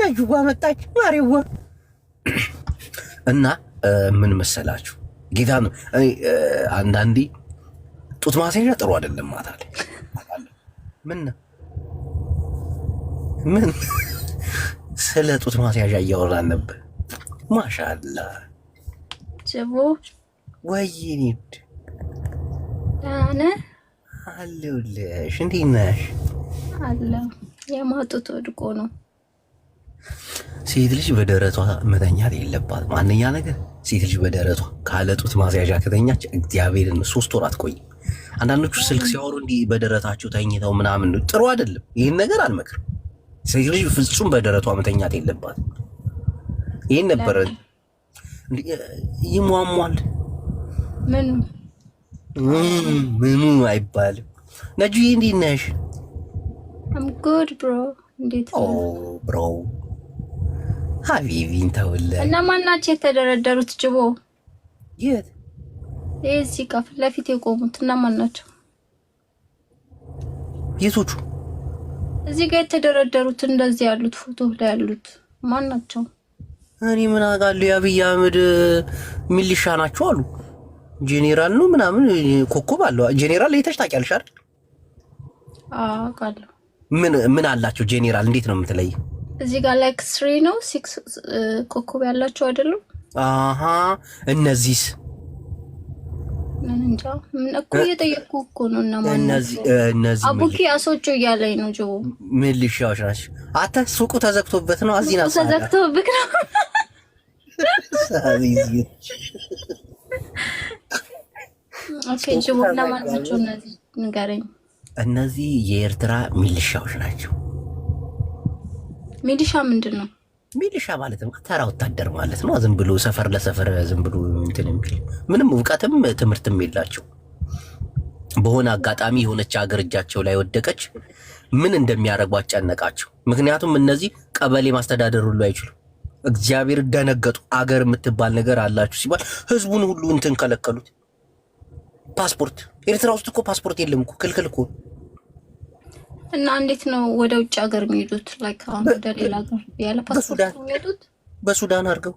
ነጅዋ መጣች ማሬዋ እና ምን መሰላችሁ ጌታ ነው። አንዳንዴ ጡት ማስያዣ ጥሩ አይደለም። ማታ ላይ ምን ምን ስለ ጡት ማስያዣ እያወራን ነበር። ማሻላ ጭቦ ወይኒድ ዳነ አለሁልሽ። እንዴት ነሽ? አለሁ የማጡት ወድቆ ነው ሴት ልጅ በደረቷ መተኛት የለባትም። አንደኛ ነገር ሴት ልጅ በደረቷ ካለጡት ማስያዣ ከተኛች እግዚአብሔርን ሶስት ወር አትቆይም። አንዳንዶቹ ስልክ ሲያወሩ እንዲህ በደረታቸው ተኝተው ምናምን ጥሩ አይደለም። ይህን ነገር አልመክርም። ሴት ልጅ ፍጹም በደረቷ መተኛት የለባትም። ይህን ነበረ ይሟሟል። ምኑ አይባልም። ነጁ ይህ እንዴት ነሽ? ብሮ ሀቢቢን ተውለ እና ማናቸው የተደረደሩት ጅቦ የት እዚህ ለፊት የቆሙት እና ማናቸው? የቶቹ እዚህ ጋር የተደረደሩት እንደዚህ ያሉት ፎቶ ላይ ያሉት ናቸው? እኔ ምን አውቃለሁ። የአብይ አህመድ ሚሊሻ ናቸው አሉ። ጄኔራል ነው ምናምን ኮኮብ አለ። ጄኔራል ለይተሽ ታውቂያለሽ አይደል? አውቃለሁ። ምን ምን አላቸው ጄኔራል? እንዴት ነው የምትለይ? እዚህ ጋር ላይክ ስሪ ነው ሲክስ uh, ኮከብ ያላቸው አይደሉም? አሀ እነዚህስ አቡኪ እያለኝ ነው። ምን ናቸው? አተ ሱቁ ተዘግቶበት ነው። ተዘግቶብክ ነው። እነዚህ እነዚህ የኤርትራ ሚሊሻዎች ናቸው። ሚሊሻ ምንድን ነው? ሚሊሻ ማለት ተራ ወታደር ማለት ነው። ዝም ብሎ ሰፈር ለሰፈር ዝም ብሎ እንትን የሚል ምንም እውቀትም ትምህርትም የላቸው። በሆነ አጋጣሚ የሆነች ሀገር እጃቸው ላይ ወደቀች፣ ምን እንደሚያደርጉ አጨነቃቸው። ምክንያቱም እነዚህ ቀበሌ ማስተዳደር ሁሉ አይችሉም። እግዚአብሔር ደነገጡ። አገር የምትባል ነገር አላችሁ ሲባል ህዝቡን ሁሉ እንትን ከለከሉት። ፓስፖርት ኤርትራ ውስጥ እኮ ፓስፖርት የለም እኮ ክልክል እኮ እና እንዴት ነው ወደ ውጭ ሀገር የሚሄዱት? ላይክ አሁን ወደ ሌላ ሀገር ያለ ፓስፖርት የሚሄዱት በሱዳን አድርገው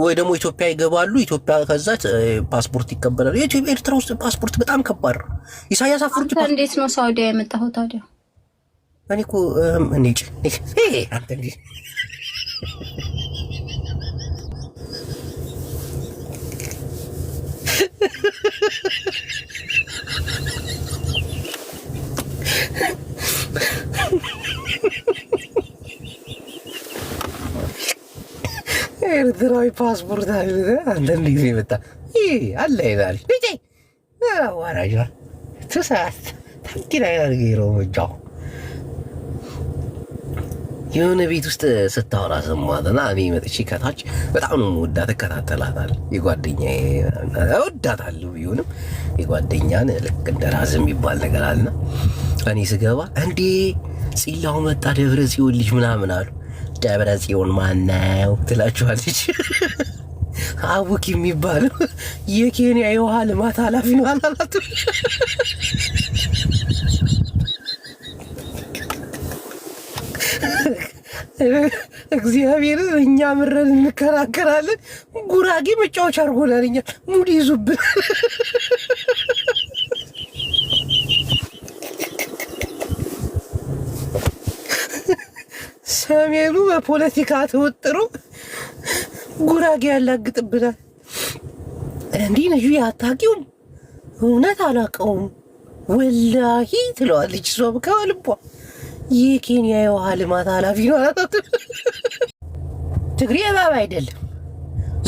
ወይ ደግሞ ኢትዮጵያ ይገባሉ። ኢትዮጵያ ከዛ ፓስፖርት ይቀበላሉ። የኢትዮጵያ ኤርትራ ውስጥ ፓስፖርት በጣም ከባድ ነው። ኢሳያስ አፈወርቂ እንዴት ነው ሳውዲያ የመጣሁ? ታዲያ እኔ እኮ እንጂ አንተ ሀገራዊ ፓስፖርት አለ። አንዳንድ ጊዜ መጣ ይህ አለ ይላል ልጄ አዋራጅ ትሰዓት ታኪላ ይላል እጃው የሆነ ቤት ውስጥ ስታወራ ሰማትና እኔ መጥቼ ከታች በጣም ነው የምወዳት፣ እከታተላታል የጓደኛ እወዳታለሁ። ቢሆንም የጓደኛን ልክ እንደ ራስ የሚባል ነገር አለና እኔ ስገባ እንዴ ጽላው መጣ ደብረ ጽዮን ልጅ ምናምን አሉ። ደብረ ጽዮን ማነው ትላችኋለች። አቡክ የሚባለው የኬንያ የውሃ ልማት ኃላፊ ነው አላላት። እግዚአብሔር እኛ ምረን እንከራከራለን። ጉራጌ መጫወቻ አድርጎናል። እኛ ሙድ ይዙብን ሰሜኑ በፖለቲካ ተወጥሮ ጉራጌ ያላግጥብናል። እንዲህ ነዩ ያታቂውም እውነት አላውቀውም ወላሂ ትለዋለች። እሷም ከልቧ የኬንያ የውሃ ልማት ኃላፊ ነው አላት። ትግሬ እባብ አይደለም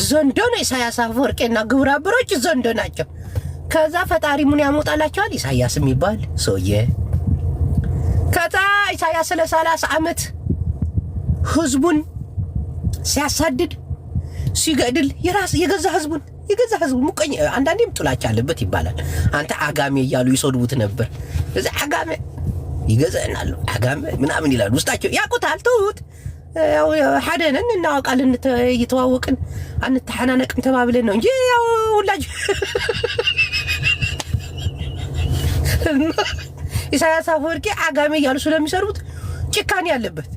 ዘንዶ ነው። ኢሳያስ አፈወርቄና ግብረ አበሮች ዘንዶ ናቸው። ከዛ ፈጣሪ ምን ያሞጣላቸዋል? ኢሳያስ የሚባል ሰውዬ ከዛ ኢሳያስ ለሰላሳ ዓመት ህዝቡን ሲያሳድድ ሲገድል የራስ የገዛ ህዝቡን የገዛ ህዝቡ ሙቀኝ አንዳንዴም ጥላቻ አለበት ይባላል። አንተ አጋሜ እያሉ ይሰድቡት ነበር። እዚ አጋሜ ይገዛናሉ አጋሜ ምናምን ይላሉ። ውስጣቸው ያውቁታል። ተውት፣ ሓደ ነን እናዋቃለን፣ እየተዋወቅን አንተሐናነቅም ተባብለን ነው እንጂ ያው ሁላጅ ኢሳያስ አፈወርቂ አጋሜ እያሉ ስለሚሰድቡት ጭካኔ ያለበት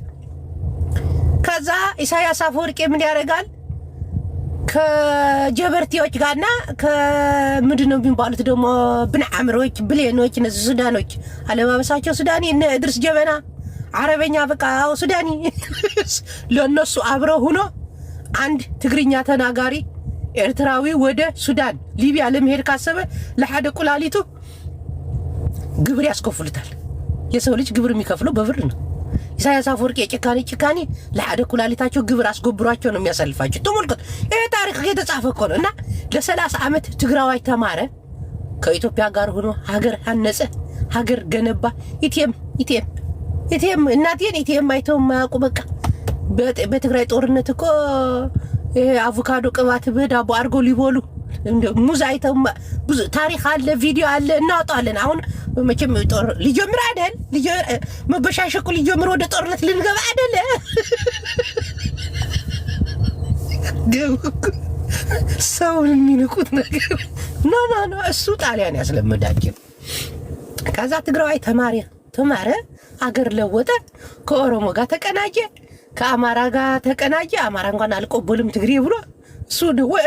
ከዛ ኢሳያስ አፈወርቄ ምን ያደርጋል? ከጀበርቲዎች ጋርና ከምንድን ነው የሚባሉት ደግሞ ብንዓምሮች፣ ብሌኖች፣ እነዚህ ሱዳኖች አለባበሳቸው ሱዳኒ፣ እነ እድርስ ጀበና አረበኛ በቃ ሱዳኒ፣ ለእነሱ አብረው ሁኖ አንድ ትግርኛ ተናጋሪ ኤርትራዊ ወደ ሱዳን ሊቢያ ለመሄድ ካሰበ ለሓደ ቁላሊቱ ግብር ያስከፍሉታል። የሰው ልጅ ግብር የሚከፍለው በብር ነው። ኢሳያስ አፈወርቂ የጭካኔ ጭካኔ ለሓደ ኩላሊታቸው ግብር አስጎብሯቸው ነው የሚያሰልፋቸው። ተመልከቱ፣ ይሄ ታሪክ የተጻፈ እኮ ነው። እና ለሰላሳ ዓመት ትግራዋይ ተማረ፣ ከኢትዮጵያ ጋር ሆኖ ሀገር አነጸ፣ ሀገር ገነባ። ኢትም ኢትም ኢትም እናቴን ኢትም አይተው የማያውቁ በቃ በትግራይ ጦርነት እኮ አቮካዶ ቅባት በዳቦ አድርገው ሊበሉ ሙዝ አይተው ታሪክ አለ፣ ቪዲዮ አለ፣ እናወጣዋለን። አሁን መቼም ጦር ሊጀምር አይደል? መበሻሸቁ ሊጀምር ወደ ጦርነት ልንገባ አይደለ? ሰውን የሚንቁት ነገር ኖ ኖ እሱ ጣሊያን ያስለመዳችን። ከዛ ትግራዋይ ተማሪ ተማረ፣ አገር ለወጠ፣ ከኦሮሞ ጋር ተቀናጀ፣ ከአማራ ጋር ተቀናጀ። አማራ እንኳን አልቆበልም ትግሬ ብሎ እሱ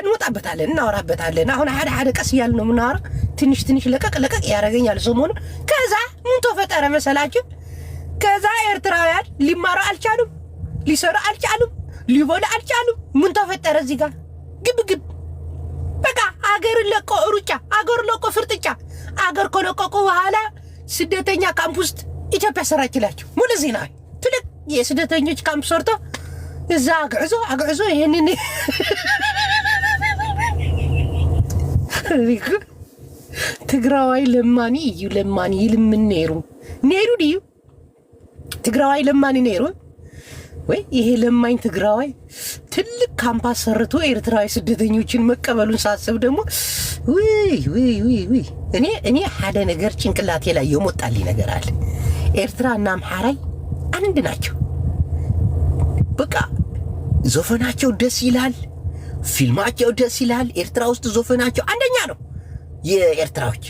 እንወጣበታለን፣ እናወራበታለን። አሁን ሓደ ሓደ ቀስ እያል ነው የምናወራ። ትንሽ ትንሽ ለቀቅ ለቀቅ ያደርገኛል ሰሞኑን። ከዛ ምን ተፈጠረ መሰላችሁ? ከዛ ኤርትራውያን ሊማሩ አልቻሉም፣ ሊሰሩ አልቻሉም፣ ሊበሉ አልቻሉም። ምን ተፈጠረ እዚህ ጋር ግብግብ በቃ አገር ለቆ ሩጫ፣ አገር ለቆ ፍርጥጫ። አገር ከለቀቁ በኋላ ስደተኛ ካምፕ ውስጥ ኢትዮጵያ ሰራችላቸው። ሙሉ ዜና ትልቅ የስደተኞች ካምፕ ሰርቶ እዛ አግዕዞ አግዕዞ ይህንን ትግራዋይ ለማኒ እዩ ለማኒ ይልምን ነይሩ ነይሩ ድዩ ትግራዋይ ለማኒ ነይሩ ወይ ይሄ ለማኝ ትግራዋይ ትልቅ ካምፓስ ሰርቶ ኤርትራዊ ስደተኞችን መቀበሉን ሳስብ ደግሞ እኔ እኔ ሓደ ነገር ጭንቅላቴ ላይ የሞጣልኝ ነገር አለ። ኤርትራ እና አምሓራይ አንድ ናቸው። በቃ ዘፈናቸው ደስ ይላል። ፊልማቸው ደስ ይላል። ኤርትራ ውስጥ ዞፈናቸው አንደኛ ነው። የኤርትራዎች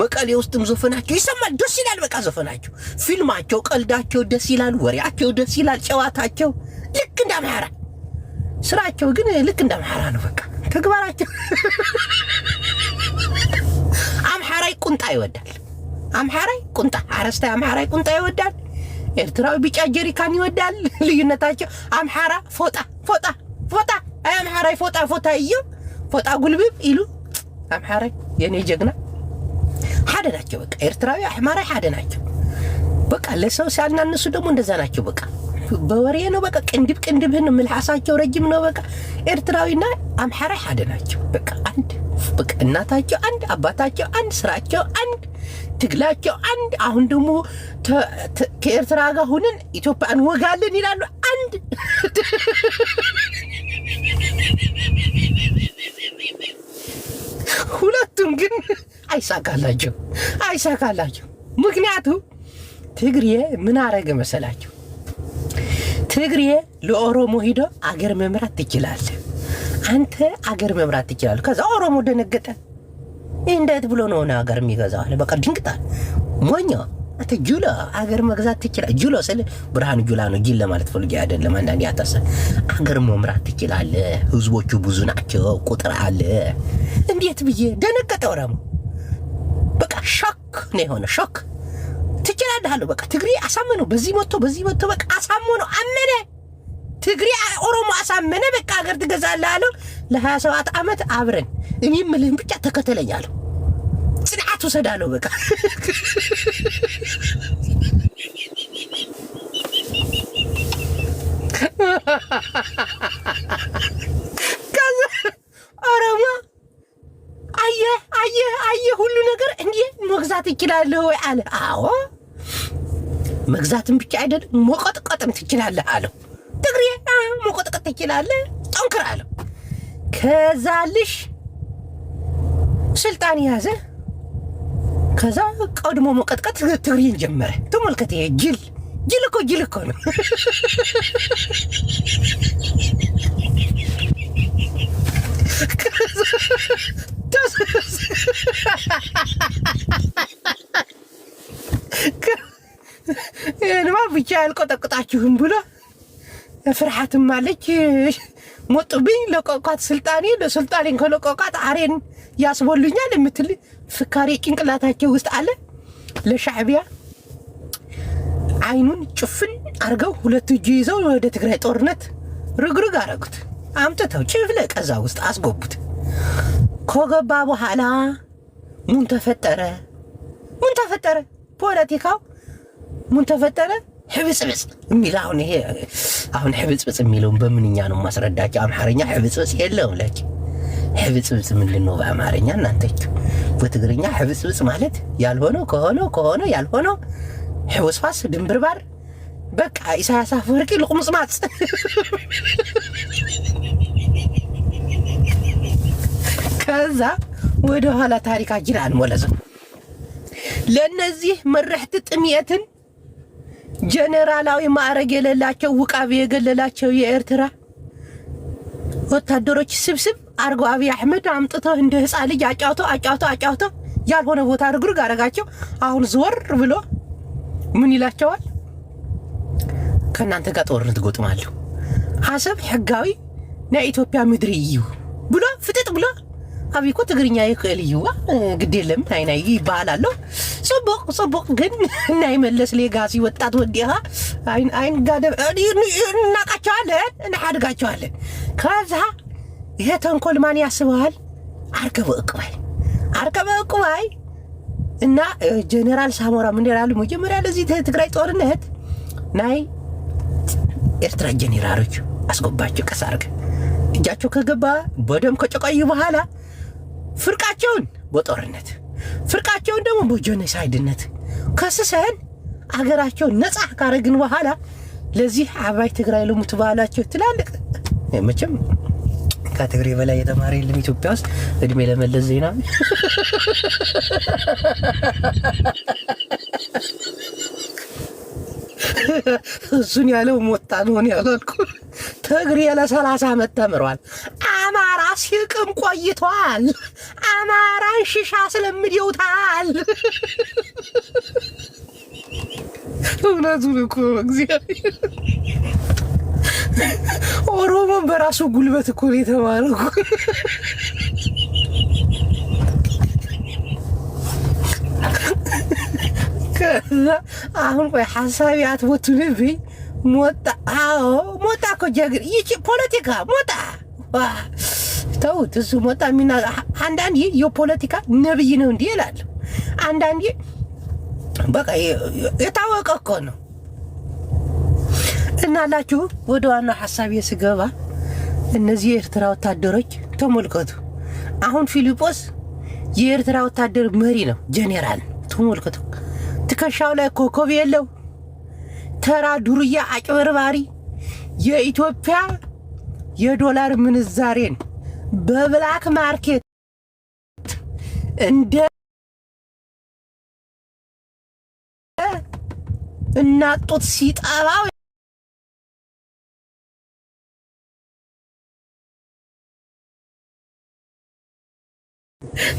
መቀሌ ውስጥም ዞፈናቸው ይሰማል፣ ደስ ይላል። በቃ ዞፈናቸው፣ ፊልማቸው፣ ቀልዳቸው ደስ ይላል። ወሬያቸው ደስ ይላል። ጨዋታቸው ልክ እንደ አማራ፣ ስራቸው ግን ልክ እንደ አማራ ነው። በቃ ተግባራቸው አምሐራይ ቁንጣ ይወዳል። አምሐራይ ቁንጣ አረስታይ አምሐራይ ቁንጣ ይወዳል። ኤርትራዊ ቢጫ ጀሪካን ይወዳል። ልዩነታቸው አምሐራ ፎጣ ፎጣ ፎጣ አይ አምሓራይ ፎጣ ፎታ እዮ ፎጣ ጉልብብ ኢሉ አምሓራይ የኔ ጀግና ሓደ ናቸው። በቃ ኤርትራዊ አምሓራይ ሓደ ናቸው። በቃ ለሰው ሲያናንሱ ደግሞ እንደዛ ናቸው። በቃ በወሬ ነው። በቃ ቅንድብ ቅንድብህን ምላሳቸው ረጅም ነው። በቃ ኤርትራዊና አምሓራይ ሓደ ናቸው። በቃ አንድ በቃ እናታቸው አንድ፣ አባታቸው አንድ፣ ስራቸው አንድ፣ ትግላቸው አንድ። አሁን ደግሞ ከኤርትራ ጋር ሁነን ኢትዮጵያ እንወጋለን ይላሉ አንድ ሁለቱም ግን አይሳካላቸው አይሳካላቸው። ምክንያቱም ትግሬ ምን አረገ መሰላቸው? ትግሬ ለኦሮሞ ሂዶ አገር መምራት ትችላለ፣ አንተ አገር መምራት ትችላለ። ከዛ ኦሮሞ ደነገጠ። እንዴት ብሎ ነሆነ አገር የሚገዛዋል? በቃ ድንግጣል ሞኛ አንተ ጁሎ አገር መግዛት ትችላለህ። ጁሎ ስል ብርሃን ጁላ ነው። ጅል ለማለት ፈልጌ አይደለም። አንዳንዴ ያታሰ አገር መምራት ትችላለህ። ህዝቦቹ ብዙ ናቸው፣ ቁጥር አለ። እንዴት ብዬ ደነቀጠው። ወረሙ በቃ ሾክ ነው የሆነ ሾክ። ትችላለህ አለው። በቃ ትግሬ አሳመነው። በዚህ መጥቶ በዚህ መጥቶ በቃ አሳመነው። አመነ ትግሬ ኦሮሞ አሳመነ። በቃ አገር ትገዛለህ አለው። ለሀያ ሰባት ዓመት አብረን እኔ የምልህን ብቻ ተከተለኝ አለው። ፕሮጀክቱ ሰዳለው በቃ ከዛ ኦሮሞ አየ አየ አየ ሁሉ ነገር እንዲህ መግዛት ይችላለህ ወይ አለ። አዎ መግዛትን ብቻ አይደል መቆጥቀጥም ትችላለህ አለው። ትግሬ መቆጥቀጥ ትችላለህ ጠንክር አለው። ከዛልሽ ስልጣን ያዘ። ከዛ ቀድሞ መቀጥቀጥ ትግሬን ጀመረ። ተመልከት፣ ጅል ጅል እኮ ጅል እኮ ነው። ይህንማ ብቻ ያልቆጠቅጣችሁም ብሎ ፍርሃትም አለች። ሞጡብኝ ለቆቋት ስልጣኔ ለስልጣኔን ከለቆቋት አሬን ያስበሉኛል የምትል ፍካሬ ጭንቅላታቸው ውስጥ አለ። ለሻዕቢያ አይኑን ጭፍን አርገው ሁለት እጁ ይዘው ወደ ትግራይ ጦርነት ርግርግ አረጉት። አምጥተው ጭፍለ ቀዛ ውስጥ አስገቡት። ከገባ በኋላ ሙን ተፈጠረ? ሙን ተፈጠረ? ፖለቲካው ሙን ተፈጠረ? ሕብፅብፅ የሚል አሁን ይሄ አሁን ሕብፅብፅ የሚለውን በምንኛ ነው ማስረዳቸው? አማርኛ ሕብፅብፅ የለውም ለች ሕብፅብፅ ምንድን ነው በአማርኛ እናንተች? በትግርኛ ሕብፅብፅ ማለት ያልሆነው ከሆነው ከሆነ ያልሆነው ሕውስፋስ ድንብርባር በቃ ኢሳያስ አፈወርቂ ልቁምፅማፅ ከዛ ወደኋላ ታሪካችን አንሞለዝም። ለእነዚህ መራሕቲ ጥምየትን ጀኔራላዊ ማዕረግ የሌላቸው ውቃቢ የገለላቸው የኤርትራ ወታደሮች ስብስብ አርጎ አብይ አሕመድ አምጥቶ እንደ ህፃን ልጅ አጫውቶ አጫውቶ አጫውቶ ያልሆነ ቦታ ርግርግ አረጋቸው። አሁን ዞር ብሎ ምን ይላቸዋል? ከእናንተ ጋር ጦርነት ጎጥማለሁ፣ አሰብ ሕጋዊ ናይ ኢትዮጵያ ምድሪ እዩ ብሎ ፍጥጥ ብሎ አብይ እኮ ትግርኛ ይክእል እዩዋ ግድ የለም ናይ ናይ ይባሃል ኣሎ ጽቡቅ ጽቡቅ ግን ናይ መለስ ሌጋሲ ወጣት ወዲኻ ጋደ እናቃቸዋለን እናሓድጋቸዋለን ከዛ ይሄ ተንኮል ማን ያስበሃል አርከበ እቅባይ አርከበ እቅባይ እና ጀነራል ሳሞራ ምንደላሉ መጀመሪያ ለዚ ትግራይ ጦርነት ናይ ኤርትራ ጀኔራሎች አስገባቸው ቀስ እጃቸው ከገባ በደም ከጨቀዩ በኋላ ፍርቃቸውን በጦርነት ፍርቃቸውን ደግሞ በጆኖሳይድነት ከስሰን አገራቸውን ነፃ ካረግን በኋላ ለዚህ አባይ ትግራይ ልሙት ባላቸው ትላልቅ መቼም ከትግሬ በላይ የተማረ የለም ኢትዮጵያ ውስጥ። እድሜ ለመለስ ዜና እሱን ያለው ሞጣ ነሆን ያላልኩ ትግሬ ለሰላሳ ዓመት ተምሯል። ሲቅም ቆይቷል። አማራን ሽሻ ስለምደውታል። እውነቱን እኮ እግዚአብሔር ኦሮሞን በራሱ ጉልበት እኮ ነው የተማረው። ከዛ አሁን ቆይ ሀሳቢ አትቦቱንብኝ ሞጣ ሞጣ እኮ ጀግር ይቺ ፖለቲካ ሞጣ ተውት። እሱ መጣ ሚና አንዳንዴ የፖለቲካ ነብይ ነው እንዲህ ይላል። አንዳንዴ በቃ የታወቀ እኮ ነው። እናላችሁ ወደ ዋናው ሀሳብ የስገባ እነዚህ የኤርትራ ወታደሮች ተመልከቱ። አሁን ፊልጶስ የኤርትራ ወታደር መሪ ነው፣ ጄኔራል። ተመልከቱ፣ ትከሻው ላይ ኮከብ የለው ተራ ዱርያ አጭበርባሪ የኢትዮጵያ የዶላር ምንዛሬን በብላክ ማርኬት እንደ እናጡት ሲጠባው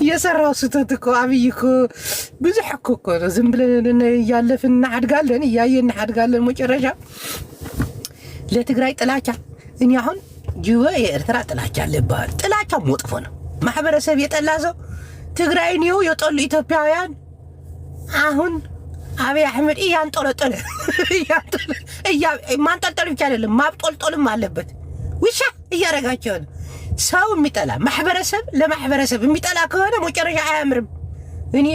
የሰራው ስህተት እኮ አብይ እኮ ብዙሕ እኮ እኮ ነው። ዝም ብለን እያለፍን እናሓድጋለን፣ እያየን እናሓድጋለን። መጨረሻ ለትግራይ ጥላቻ እኔ አሁን ጅበ የኤርትራ ጥላቻ አለብሃል። ጥላቻው መጥፎ ነው። ማህበረሰብ የጠላ ሰው ትግራይን ይኸው የጠሉ ኢትዮጵያውያን አሁን አብይ አሕመድ እያንጠለጠለ ማንጠልጠል ብቻ አይደለም ማብጦልጦልም አለበት። ውሻ እያረጋቸው ነው። ሰው የሚጠላ ማህበረሰብ ለማህበረሰብ የሚጠላ ከሆነ መጨረሻ አያምርም። እኔ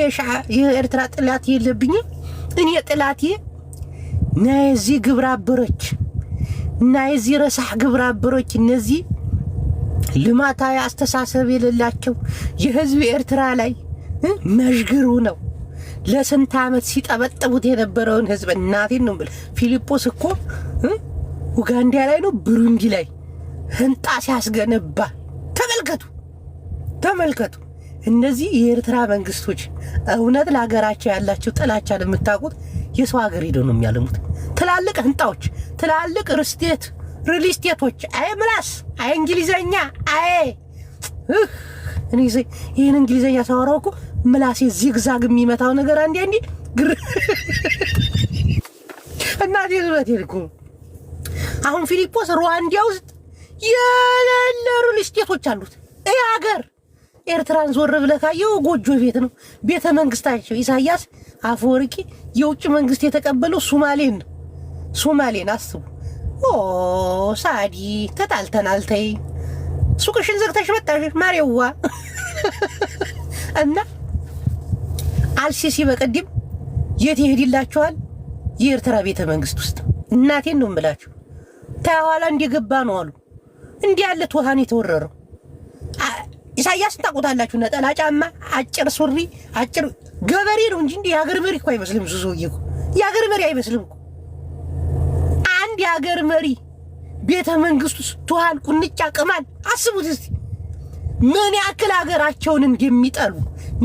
የኤርትራ ጥላት የለብኝም። እኔ ጥላት ነዚህ ግብረ አበሮች እና የዚህ ረሳህ ግብረ አበሮች እነዚህ ልማታዊ አስተሳሰብ የሌላቸው የህዝብ ኤርትራ ላይ መዥግሩ ነው ለስንት ዓመት ሲጠበጥቡት የነበረውን ህዝብ እናቴን ነው የምልህ። ፊልጶስ እኮ ኡጋንዳ ላይ ነው ብሩንዲ ላይ ህንጣ ሲያስገነባ ተመልከቱ፣ ተመልከቱ። እነዚህ የኤርትራ መንግስቶች እውነት ለሀገራቸው ያላቸው ጥላቻ የምታውቁት የሰው ሀገር ሄደው ነው የሚያለሙት ትላልቅ ህንጣዎች ትላልቅ ርስቴት ሪሊስቴቶች አይ ምላስ አይ እንግሊዘኛ አይ ይህን እንግሊዘኛ ሳወራው እኮ ምላሴ ዚግዛግ የሚመታው ነገር አንዴ አንዴ ግር እናቴ ልበት ይልኩ አሁን ፊሊፖስ ሩዋንዲያ ውስጥ የሌለ ሪል አሉት። ይህ ሀገር ኤርትራን ዞር ብለህ ካየው ጎጆ ቤት ነው ቤተ መንግስታቸው። ኢሳያስ አፈወርቂ የውጭ መንግስት የተቀበለው ሱማሌን ነው። ሶማሌን አስቡ። ኦ ሳዲ ተጣልተናል፣ ተይ ሱቅሽን ዘግተሽ መጣሽ ማሬዋ እና አልሲሲ በቀድም የት ይሄድላችኋል? የኤርትራ ቤተ መንግስት ውስጥ እናቴን ነው የምላችሁ። ተኋላ እንዲገባ ነው አሉ። እንዲህ ያለ ውሃን የተወረረው ኢሳያስን ታውቁታላችሁ። ነጠላ ጫማ፣ አጭር ሱሪ፣ አጭር ገበሬ ነው እንጂ እንዲህ የሀገር መሪ እኮ አይመስልም። ሱሱ የሀገር መሪ አይመስልም እኮ አንድ የሀገር መሪ ቤተ መንግስቱ ስትኋል ቁንጭ ቅማል አስቡት እስቲ ምን ያክል ሀገራቸውን እንደሚጠሉ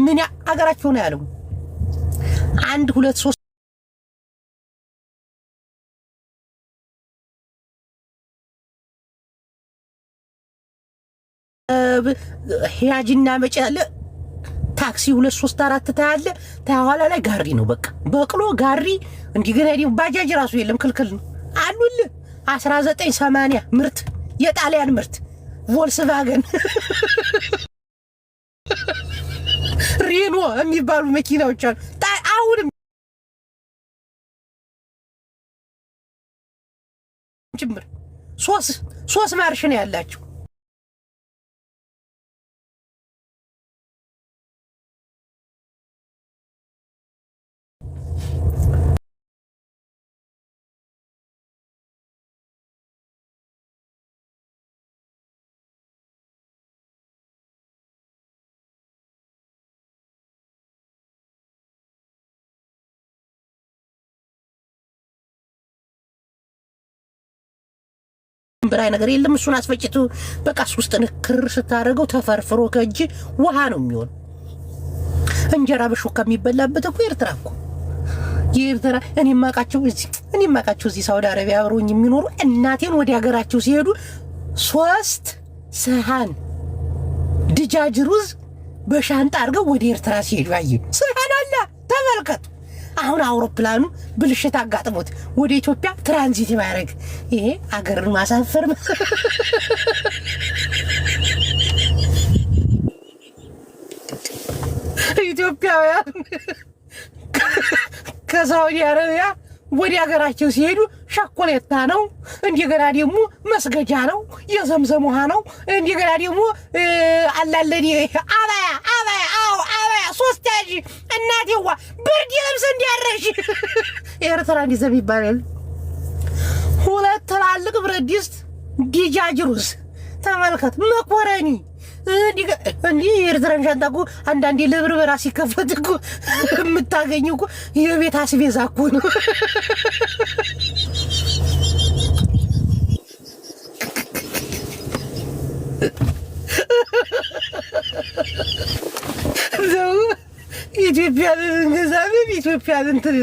ምን ሀገራቸውን ያለው አንድ ሁለት ሶስት ሂያጅና መጪ ያለ ታክሲ ሁለት ሶስት አራት ታያለ። ኋላ ላይ ጋሪ ነው በቃ በቅሎ ጋሪ። እንዲህ ግን ባጃጅ ራሱ የለም ክልክል ነው። አሉል 1980 ምርት የጣሊያን ምርት ቮልስቫገን ሬኖ የሚባሉ መኪናዎች አሉ። አሁንም ጭምር ሶስት ሶስት ማርሽ ነው ያላቸው። የሚበላ ነገር የለም። እሱን አስፈጭቱ በቃ ውስጥ ንክር ስታደርገው ተፈርፍሮ ከእጅ ውሃ ነው የሚሆን። እንጀራ በሹካ የሚበላበት እኮ ኤርትራ እኮ የኤርትራ እኔ ማቃቸው እዚህ እኔ ማቃቸው እዚህ ሳውዲ አረቢያ አብረውኝ የሚኖሩ እናቴን ወደ ሀገራቸው ሲሄዱ ሶስት ሰሃን ድጃጅ ሩዝ በሻንጣ አድርገው ወደ ኤርትራ ሲሄዱ አየ። ሰሃን አለ ተመልከቱ። አሁን አውሮፕላኑ ብልሽት አጋጥሞት ወደ ኢትዮጵያ ትራንዚት ማድረግ ይሄ አገርን ማሳፈር ኢትዮጵያውያን ከሳውዲ አረቢያ ወደ ሀገራቸው ሲሄዱ ሸኮሌታ ነው፣ እንደገና ደግሞ መስገጃ ነው፣ የዘምዘም ውሃ ነው፣ እንደገና ደግሞ አላለን አላ ሶስት ያዥ እናቴዋ ብርድ ልብስ እንዲያረሽ ኤርትራ እንዲዘብ ይባላል። ሁለት ትላልቅ ብረት ድስት ዲጃጅሩስ ተመልከት፣ መኮረኒ እንዲ የኤርትራን ሻንጣ እኮ አንዳንዴ ለብርበራ ሲከፈት እኮ የምታገኝ እኮ የቤት አስቤዛ እኮ ነው። ኢትዮጵያን እንገዛለን፣ ኢትዮጵያን እንትን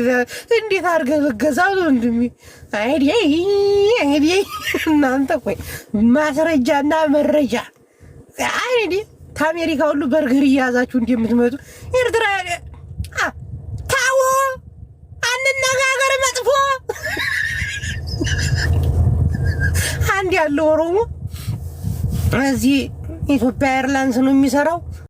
እንዴት ነው እናንተ ቆይ ማስረጃና መረጃ አይዲ ከአሜሪካ ሁሉ በርገር እያያዛችሁ ታዎ አንነጋገር መጥፎ አንድ ያለው ኦሮሞ እዚህ ኢትዮጵያ ኤርላይንስ ነው የሚሰራው